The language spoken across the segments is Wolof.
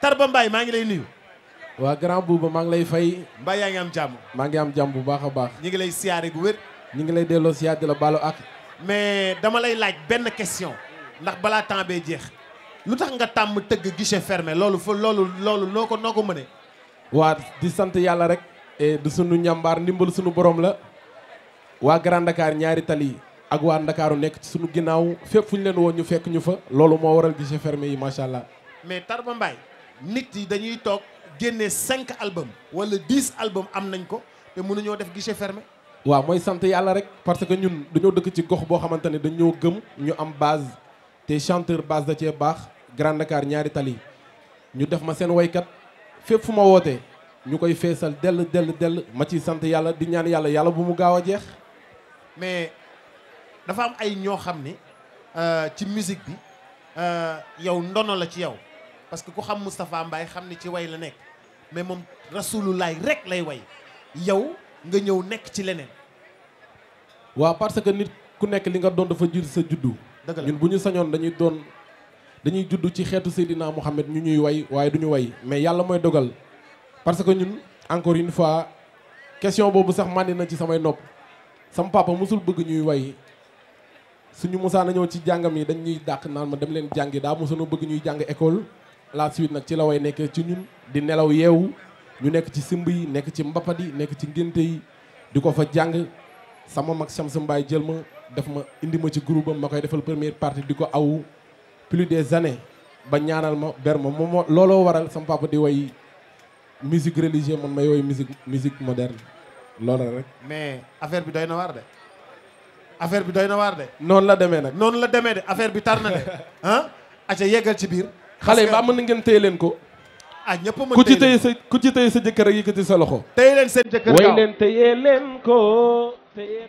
ba mbaay maa ngi lay nuyu. waa grand Bouba maa ngi lay fay. Mbaye yaa ngi am jàmm. maa ngi am jàmm bu baax a baax. ñu ngi lay siyaare gu wér. ñu ngi lay delloo siyaar di la baalu ak. mais dama lay laaj benn question ndax balaa temps bee jeex lu tax nga tàmm tëgg guichet ferme loolu fa loolu loolu noo ko noo ko mënee. waa di sant yàlla rek. E, di sunu njàmbaar ndimbal sunu borom la. waa Grand Dakar ñaari tali ak waa Ndakaaru nekk ci sunu ginnaaw fépp fu ñu leen woo ñu fekk fa loolu moo waral guichet fermé yi macha allah. mais Tarba Mbaye nit yi dañuy toog génne cinq album wala dix album am nañ ko te mënuñoo def guichet fermé. waaw mooy sant yàlla rek parce que ñun dañoo dëkk ci gox boo xamante ne dañoo gëm ñu am base te chanteur base la cee baax Grand Dakar ñaari tali ñu def ma seen woykat fépp fu ma wootee ñu koy feesal dell dell dell ma ciy sant yàlla di ñaan yàlla yàlla bu mu gaaw a jeex. mais dafa am ay ñoo xam ne euh, ci musique bi euh, yow ndono la ci yow. parce que ku xam Moustapha Mbaye xam ni ci way la nekk mais moom rasulullaay rek lay way yow nga ñëw nekk ci leneen. waaw parce que nit ku nekk li nga doon dafa jur sa juddu. dëgg la ñun bu ñu sañoon dañuy doon dañuy juddu ci xeetu Seydina Mohamed ñu ñuy way waaye du ñu way mais yàlla mooy dogal parce que ñun encore une fois question boobu sax màndi na ci samay nopp sama papa mosul bëgg ñuy way suñu musaa na ñëw ci jàngam yi dañuy dàq naan ma dem leen jàngi daa mosoon bëgg ñuy jàng école. la suite nag ci la way nekkee ci ñun di nelaw yeewu ñu nekk ci simb yi nekk ci mbapat yi nekk ci ngénte yi di ko fa jàng sama mag Shams Mbaye jël ma def ma indi ma ci groupe am ma koy defal première partie di ko aw plus des années ba ñaanal ma ber ma moom looloo waral sama papa di way musique religieuse man may way musique musique moderne loolu rek. mais affaire bi doy na waar de. affaire bi doy na waar de. noonu la demee nag. noonu la demee de affaire bi tar na de ah. acca yeggal ci xale yi mbaa mën na ngeen téye leen ko. ah ñëpp mën ku ci téye sa ku ci téye sa jëkkër ak yi yëkkati sa loxo. téye leen seen jëkkër way leen téye leen ko téye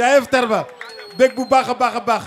jaayef tarba bég bu baax a baax a baax